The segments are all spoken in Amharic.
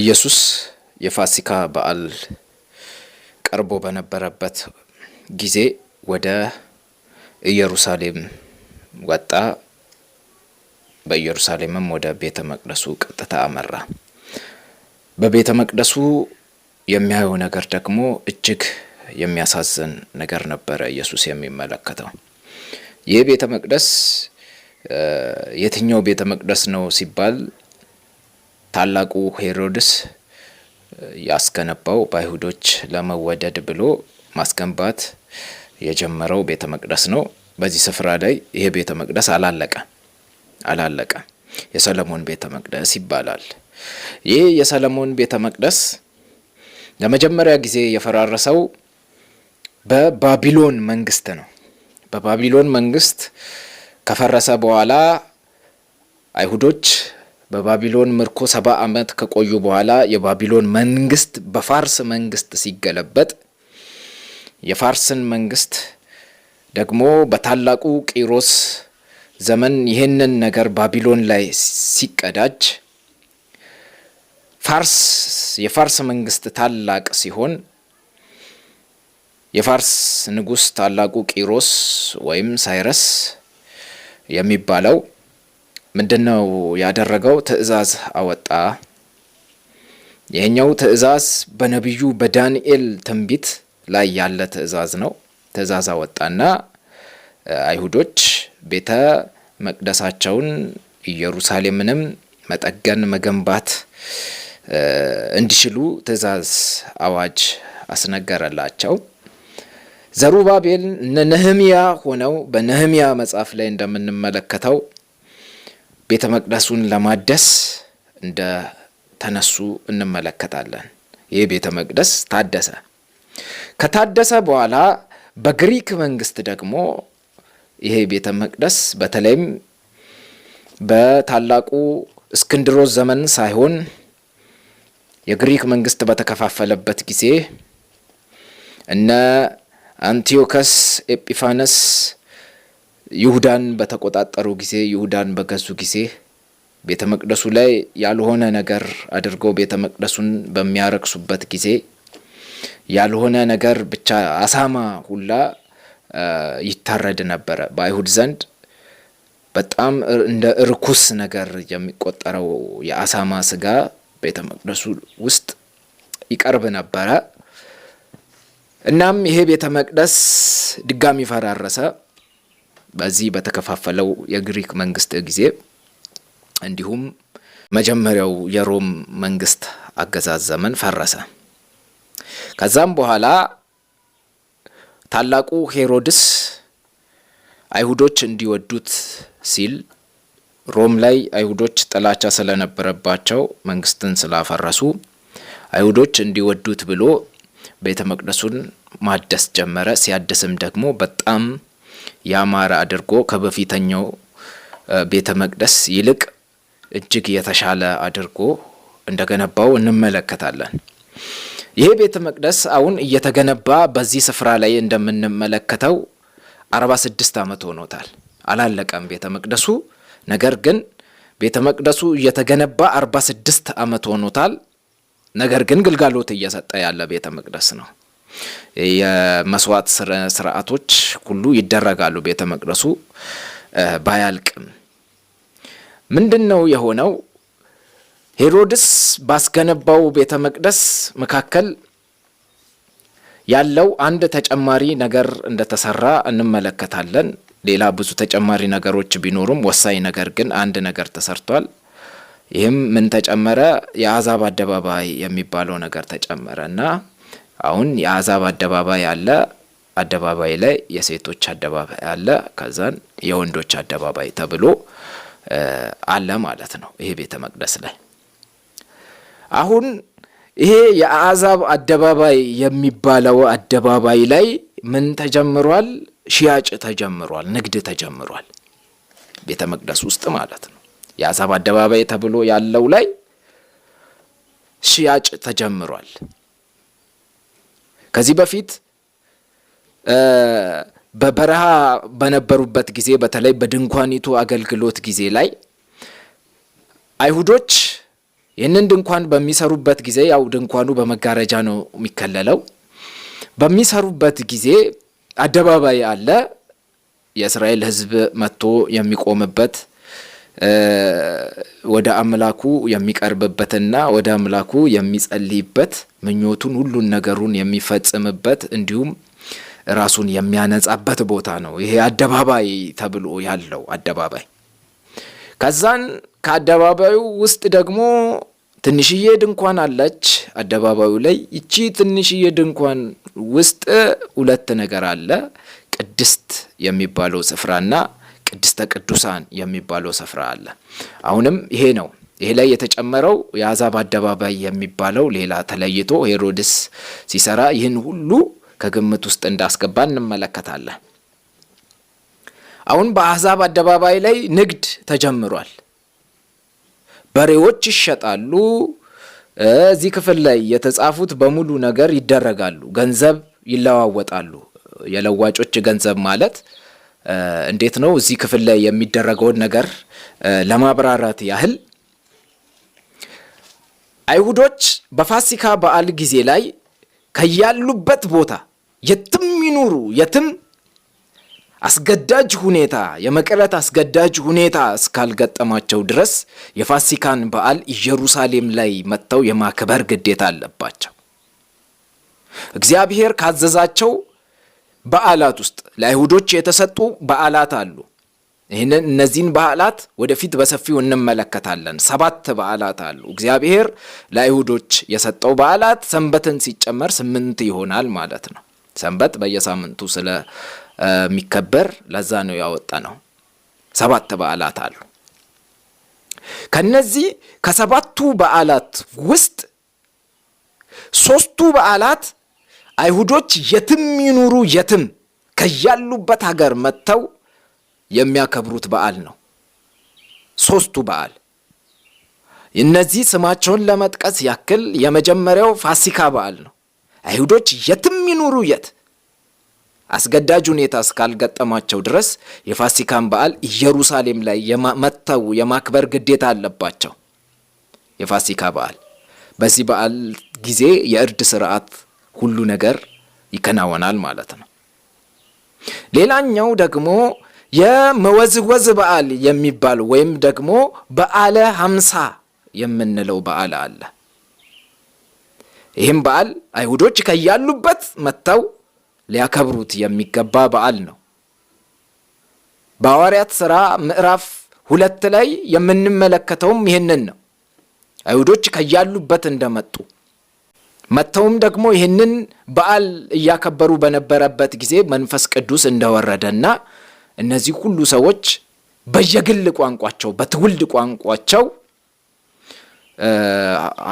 ኢየሱስ የፋሲካ በዓል ቀርቦ በነበረበት ጊዜ ወደ ኢየሩሳሌም ወጣ። በኢየሩሳሌምም ወደ ቤተ መቅደሱ ቀጥታ አመራ። በቤተ መቅደሱ የሚያየው ነገር ደግሞ እጅግ የሚያሳዝን ነገር ነበረ ኢየሱስ የሚመለከተው። ይህ ቤተ መቅደስ የትኛው ቤተ መቅደስ ነው ሲባል ታላቁ ሄሮድስ ያስገነባው በአይሁዶች ለመወደድ ብሎ ማስገንባት የጀመረው ቤተ መቅደስ ነው። በዚህ ስፍራ ላይ ይሄ ቤተ መቅደስ አላለቀ አላለቀ የሰለሞን ቤተ መቅደስ ይባላል። ይህ የሰለሞን ቤተ መቅደስ ለመጀመሪያ ጊዜ የፈራረሰው በባቢሎን መንግስት ነው። በባቢሎን መንግስት ከፈረሰ በኋላ አይሁዶች በባቢሎን ምርኮ ሰባ ዓመት ከቆዩ በኋላ የባቢሎን መንግስት በፋርስ መንግስት ሲገለበጥ የፋርስን መንግስት ደግሞ በታላቁ ቂሮስ ዘመን ይህንን ነገር ባቢሎን ላይ ሲቀዳጅ ፋርስ የፋርስ መንግስት ታላቅ ሲሆን የፋርስ ንጉስ ታላቁ ቂሮስ ወይም ሳይረስ የሚባለው ምንድነው ያደረገው? ትእዛዝ አወጣ። ይህኛው ትእዛዝ በነቢዩ በዳንኤል ትንቢት ላይ ያለ ትእዛዝ ነው። ትእዛዝ አወጣና አይሁዶች ቤተ መቅደሳቸውን ኢየሩሳሌምንም መጠገን መገንባት እንዲችሉ ትእዛዝ አዋጅ አስነገረላቸው። ዘሩባቤል እነ ነህምያ ሆነው በነህምያ መጽሐፍ ላይ እንደምንመለከተው ቤተ መቅደሱን ለማደስ እንደ ተነሱ እንመለከታለን። ይህ ቤተ መቅደስ ታደሰ። ከታደሰ በኋላ በግሪክ መንግስት ደግሞ ይሄ ቤተ መቅደስ በተለይም በታላቁ እስክንድሮስ ዘመን ሳይሆን የግሪክ መንግስት በተከፋፈለበት ጊዜ እነ አንቲዮከስ ኤጲፋነስ ይሁዳን በተቆጣጠሩ ጊዜ፣ ይሁዳን በገዙ ጊዜ ቤተ መቅደሱ ላይ ያልሆነ ነገር አድርገው ቤተ መቅደሱን በሚያረክሱበት ጊዜ ያልሆነ ነገር ብቻ አሳማ ሁላ ይታረድ ነበረ። በአይሁድ ዘንድ በጣም እንደ እርኩስ ነገር የሚቆጠረው የአሳማ ስጋ ቤተ መቅደሱ ውስጥ ይቀርብ ነበረ። እናም ይሄ ቤተ መቅደስ ድጋሚ ፈራረሰ። በዚህ በተከፋፈለው የግሪክ መንግስት ጊዜ እንዲሁም መጀመሪያው የሮም መንግስት አገዛዝ ዘመን ፈረሰ። ከዛም በኋላ ታላቁ ሄሮድስ አይሁዶች እንዲወዱት ሲል ሮም ላይ አይሁዶች ጥላቻ ስለነበረባቸው መንግስትን ስላፈረሱ አይሁዶች እንዲወዱት ብሎ ቤተ መቅደሱን ማደስ ጀመረ። ሲያድስም ደግሞ በጣም ያማረ አድርጎ ከበፊተኛው ቤተ መቅደስ ይልቅ እጅግ የተሻለ አድርጎ እንደገነባው እንመለከታለን። ይሄ ቤተ መቅደስ አሁን እየተገነባ በዚህ ስፍራ ላይ እንደምንመለከተው 46 ዓመት ሆኖታል። አላለቀም ቤተ መቅደሱ። ነገር ግን ቤተ መቅደሱ እየተገነባ 46 ዓመት ሆኖታል። ነገር ግን ግልጋሎት እየሰጠ ያለ ቤተ መቅደስ ነው። የመስዋዕት ስርዓቶች ሁሉ ይደረጋሉ። ቤተ መቅደሱ ባያልቅም ምንድን ነው የሆነው? ሄሮድስ ባስገነባው ቤተ መቅደስ መካከል ያለው አንድ ተጨማሪ ነገር እንደተሰራ እንመለከታለን። ሌላ ብዙ ተጨማሪ ነገሮች ቢኖሩም ወሳኝ ነገር ግን አንድ ነገር ተሰርቷል። ይህም ምን ተጨመረ? የአሕዛብ አደባባይ የሚባለው ነገር ተጨመረ እና አሁን የአዛብ አደባባይ አለ። አደባባይ ላይ የሴቶች አደባባይ አለ። ከዛን የወንዶች አደባባይ ተብሎ አለ ማለት ነው። ይሄ ቤተ መቅደስ ላይ አሁን ይሄ የአዛብ አደባባይ የሚባለው አደባባይ ላይ ምን ተጀምሯል? ሽያጭ ተጀምሯል። ንግድ ተጀምሯል። ቤተ መቅደስ ውስጥ ማለት ነው። የአዛብ አደባባይ ተብሎ ያለው ላይ ሽያጭ ተጀምሯል። ከዚህ በፊት በበረሃ በነበሩበት ጊዜ በተለይ በድንኳኒቱ አገልግሎት ጊዜ ላይ አይሁዶች ይህንን ድንኳን በሚሰሩበት ጊዜ ያው ድንኳኑ በመጋረጃ ነው የሚከለለው። በሚሰሩበት ጊዜ አደባባይ አለ፣ የእስራኤል ሕዝብ መጥቶ የሚቆምበት ወደ አምላኩ የሚቀርብበትና ወደ አምላኩ የሚጸልይበት ምኞቱን ሁሉን ነገሩን የሚፈጽምበት እንዲሁም ራሱን የሚያነጻበት ቦታ ነው። ይሄ አደባባይ ተብሎ ያለው አደባባይ። ከዛን ከአደባባዩ ውስጥ ደግሞ ትንሽዬ ድንኳን አለች አደባባዩ ላይ። ይቺ ትንሽዬ ድንኳን ውስጥ ሁለት ነገር አለ፣ ቅድስት የሚባለው ስፍራና ቅድስተ ቅዱሳን የሚባለው ስፍራ አለ። አሁንም ይሄ ነው። ይሄ ላይ የተጨመረው የአሕዛብ አደባባይ የሚባለው ሌላ ተለይቶ ሄሮድስ ሲሰራ ይህን ሁሉ ከግምት ውስጥ እንዳስገባ እንመለከታለን። አሁን በአሕዛብ አደባባይ ላይ ንግድ ተጀምሯል። በሬዎች ይሸጣሉ። እዚህ ክፍል ላይ የተጻፉት በሙሉ ነገር ይደረጋሉ። ገንዘብ ይለዋወጣሉ። የለዋጮች ገንዘብ ማለት እንዴት ነው እዚህ ክፍል ላይ የሚደረገውን ነገር ለማብራራት ያህል አይሁዶች በፋሲካ በዓል ጊዜ ላይ ከያሉበት ቦታ የትም ይኑሩ የትም አስገዳጅ ሁኔታ የመቅረት አስገዳጅ ሁኔታ እስካልገጠማቸው ድረስ የፋሲካን በዓል ኢየሩሳሌም ላይ መጥተው የማክበር ግዴታ አለባቸው። እግዚአብሔር ካዘዛቸው በዓላት ውስጥ ለአይሁዶች የተሰጡ በዓላት አሉ። ይህንን እነዚህን በዓላት ወደፊት በሰፊው እንመለከታለን። ሰባት በዓላት አሉ። እግዚአብሔር ለአይሁዶች የሰጠው በዓላት ሰንበትን ሲጨመር ስምንት ይሆናል ማለት ነው። ሰንበት በየሳምንቱ ስለሚከበር ለዛ ነው ያወጣ ነው። ሰባት በዓላት አሉ። ከነዚህ ከሰባቱ በዓላት ውስጥ ሶስቱ በዓላት አይሁዶች የትም ይኑሩ የትም ከያሉበት ሀገር መጥተው የሚያከብሩት በዓል ነው። ሶስቱ በዓል እነዚህ ስማቸውን ለመጥቀስ ያክል የመጀመሪያው ፋሲካ በዓል ነው። አይሁዶች የትም ይኑሩ የት አስገዳጅ ሁኔታ እስካልገጠማቸው ድረስ የፋሲካን በዓል ኢየሩሳሌም ላይ መጥተው የማክበር ግዴታ አለባቸው። የፋሲካ በዓል በዚህ በዓል ጊዜ የእርድ ስርዓት ሁሉ ነገር ይከናወናል ማለት ነው። ሌላኛው ደግሞ የመወዝወዝ በዓል የሚባል ወይም ደግሞ በዓለ ሀምሳ የምንለው በዓል አለ። ይህም በዓል አይሁዶች ከያሉበት መጥተው ሊያከብሩት የሚገባ በዓል ነው። በሐዋርያት ሥራ ምዕራፍ ሁለት ላይ የምንመለከተውም ይህንን ነው። አይሁዶች ከያሉበት እንደመጡ መጥተውም ደግሞ ይህንን በዓል እያከበሩ በነበረበት ጊዜ መንፈስ ቅዱስ እንደወረደና እነዚህ ሁሉ ሰዎች በየግል ቋንቋቸው በትውልድ ቋንቋቸው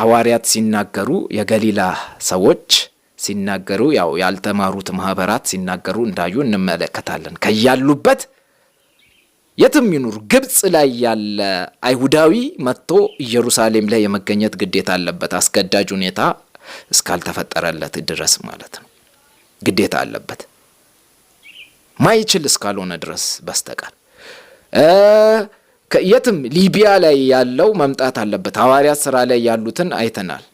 ሐዋርያት ሲናገሩ፣ የገሊላ ሰዎች ሲናገሩ፣ ያው ያልተማሩት ማህበራት ሲናገሩ እንዳዩ እንመለከታለን። ከያሉበት የትም ይኑር ግብፅ ላይ ያለ አይሁዳዊ መጥቶ ኢየሩሳሌም ላይ የመገኘት ግዴታ አለበት። አስገዳጅ ሁኔታ እስካልተፈጠረለት ድረስ ማለት ነው። ግዴታ አለበት ማይችል እስካልሆነ ድረስ በስተቀር የትም ሊቢያ ላይ ያለው መምጣት አለበት። ሐዋርያት ስራ ላይ ያሉትን አይተናል።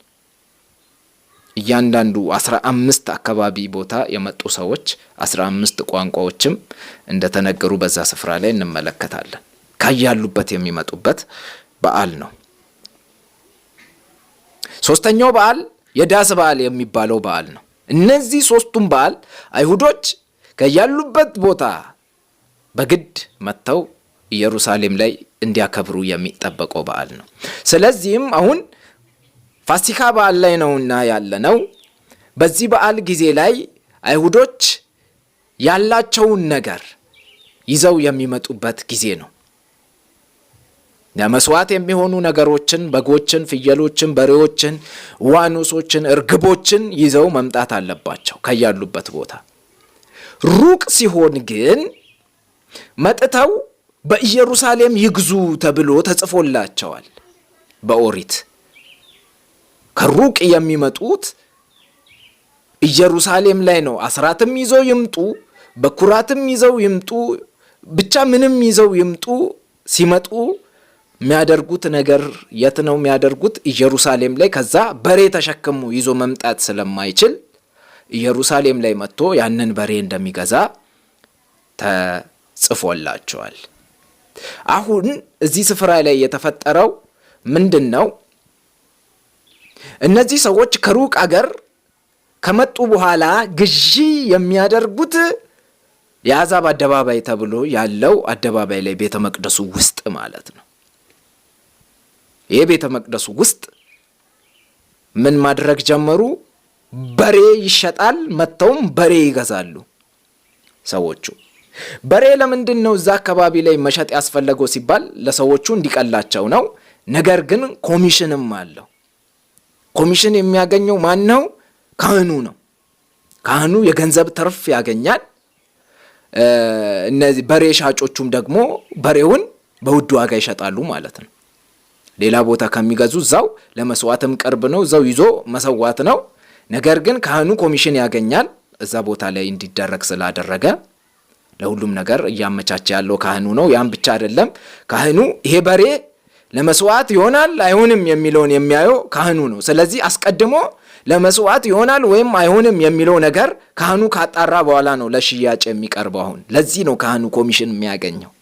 እያንዳንዱ አስራ አምስት አካባቢ ቦታ የመጡ ሰዎች አስራ አምስት ቋንቋዎችም እንደተነገሩ በዛ ስፍራ ላይ እንመለከታለን። ከያሉበት የሚመጡበት በዓል ነው። ሶስተኛው በዓል የዳስ በዓል የሚባለው በዓል ነው። እነዚህ ሶስቱም በዓል አይሁዶች ከያሉበት ቦታ በግድ መጥተው ኢየሩሳሌም ላይ እንዲያከብሩ የሚጠበቀው በዓል ነው። ስለዚህም አሁን ፋሲካ በዓል ላይ ነውና ያለነው በዚህ በዓል ጊዜ ላይ አይሁዶች ያላቸውን ነገር ይዘው የሚመጡበት ጊዜ ነው። ለመስዋዕት የሚሆኑ ነገሮችን በጎችን፣ ፍየሎችን፣ በሬዎችን፣ ዋኖሶችን፣ እርግቦችን ይዘው መምጣት አለባቸው ከያሉበት ቦታ። ሩቅ ሲሆን ግን መጥተው በኢየሩሳሌም ይግዙ ተብሎ ተጽፎላቸዋል በኦሪት። ከሩቅ የሚመጡት ኢየሩሳሌም ላይ ነው። አስራትም ይዘው ይምጡ፣ በኩራትም ይዘው ይምጡ፣ ብቻ ምንም ይዘው ይምጡ ሲመጡ የሚያደርጉት ነገር የት ነው የሚያደርጉት? ኢየሩሳሌም ላይ። ከዛ በሬ ተሸክሙ ይዞ መምጣት ስለማይችል ኢየሩሳሌም ላይ መጥቶ ያንን በሬ እንደሚገዛ ተጽፎላቸዋል። አሁን እዚህ ስፍራ ላይ የተፈጠረው ምንድን ነው? እነዚህ ሰዎች ከሩቅ አገር ከመጡ በኋላ ግዢ የሚያደርጉት የአሕዛብ አደባባይ ተብሎ ያለው አደባባይ ላይ ቤተ መቅደሱ ውስጥ ማለት ነው የቤተ መቅደሱ ውስጥ ምን ማድረግ ጀመሩ? በሬ ይሸጣል፣ መጥተውም በሬ ይገዛሉ ሰዎቹ። በሬ ለምንድን ነው እዛ አካባቢ ላይ መሸጥ ያስፈለገው ሲባል ለሰዎቹ እንዲቀላቸው ነው። ነገር ግን ኮሚሽንም አለው። ኮሚሽን የሚያገኘው ማን ነው? ካህኑ ነው። ካህኑ የገንዘብ ትርፍ ያገኛል። እነዚህ በሬ ሻጮቹም ደግሞ በሬውን በውድ ዋጋ ይሸጣሉ ማለት ነው። ሌላ ቦታ ከሚገዙ እዛው ለመስዋዕትም ቅርብ ነው፣ እዛው ይዞ መሰዋት ነው። ነገር ግን ካህኑ ኮሚሽን ያገኛል እዛ ቦታ ላይ እንዲደረግ ስላደረገ ለሁሉም ነገር እያመቻቸ ያለው ካህኑ ነው። ያም ብቻ አይደለም፣ ካህኑ ይሄ በሬ ለመስዋዕት ይሆናል አይሆንም የሚለውን የሚያየው ካህኑ ነው። ስለዚህ አስቀድሞ ለመስዋዕት ይሆናል ወይም አይሆንም የሚለው ነገር ካህኑ ካጣራ በኋላ ነው ለሽያጭ የሚቀርበው። አሁን ለዚህ ነው ካህኑ ኮሚሽን የሚያገኘው።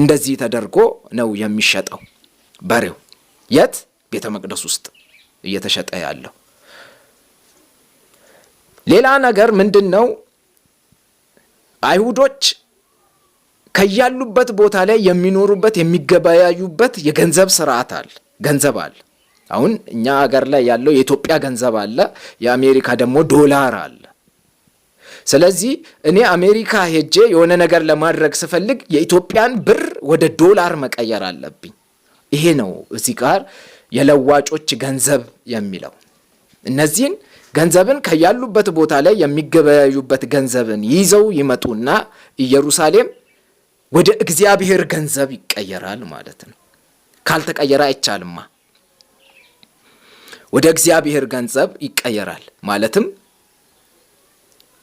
እንደዚህ ተደርጎ ነው የሚሸጠው። በሬው የት ቤተ መቅደስ ውስጥ እየተሸጠ ያለው። ሌላ ነገር ምንድን ነው? አይሁዶች ከያሉበት ቦታ ላይ የሚኖሩበት የሚገበያዩበት የገንዘብ ስርዓት አለ፣ ገንዘብ አለ። አሁን እኛ ሀገር ላይ ያለው የኢትዮጵያ ገንዘብ አለ፣ የአሜሪካ ደግሞ ዶላር አለ። ስለዚህ እኔ አሜሪካ ሄጄ የሆነ ነገር ለማድረግ ስፈልግ የኢትዮጵያን ብር ወደ ዶላር መቀየር አለብኝ። ይሄ ነው እዚህ ጋር የለዋጮች ገንዘብ የሚለው እነዚህን ገንዘብን ከያሉበት ቦታ ላይ የሚገበያዩበት ገንዘብን ይዘው ይመጡና ኢየሩሳሌም ወደ እግዚአብሔር ገንዘብ ይቀየራል ማለት ነው። ካልተቀየረ አይቻልማ። ወደ እግዚአብሔር ገንዘብ ይቀየራል ማለትም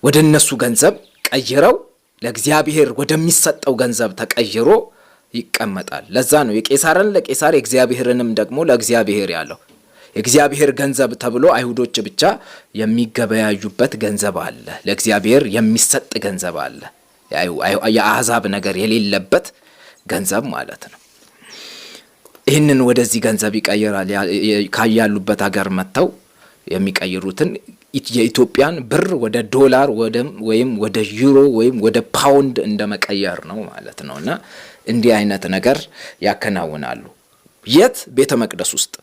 ወደ እነሱ ገንዘብ ቀይረው ለእግዚአብሔር ወደሚሰጠው ገንዘብ ተቀይሮ ይቀመጣል። ለዛ ነው የቄሳርን ለቄሳር የእግዚአብሔርንም ደግሞ ለእግዚአብሔር ያለው። የእግዚአብሔር ገንዘብ ተብሎ አይሁዶች ብቻ የሚገበያዩበት ገንዘብ አለ። ለእግዚአብሔር የሚሰጥ ገንዘብ አለ። የአሕዛብ ነገር የሌለበት ገንዘብ ማለት ነው። ይህንን ወደዚህ ገንዘብ ይቀይራል። ካያሉበት ሀገር መጥተው የሚቀይሩትን የኢትዮጵያን ብር ወደ ዶላር ወይም ወደ ዩሮ ወይም ወደ ፓውንድ እንደ መቀየር ነው ማለት ነው እና እንዲህ አይነት ነገር ያከናውናሉ። የት? ቤተ መቅደስ ውስጥ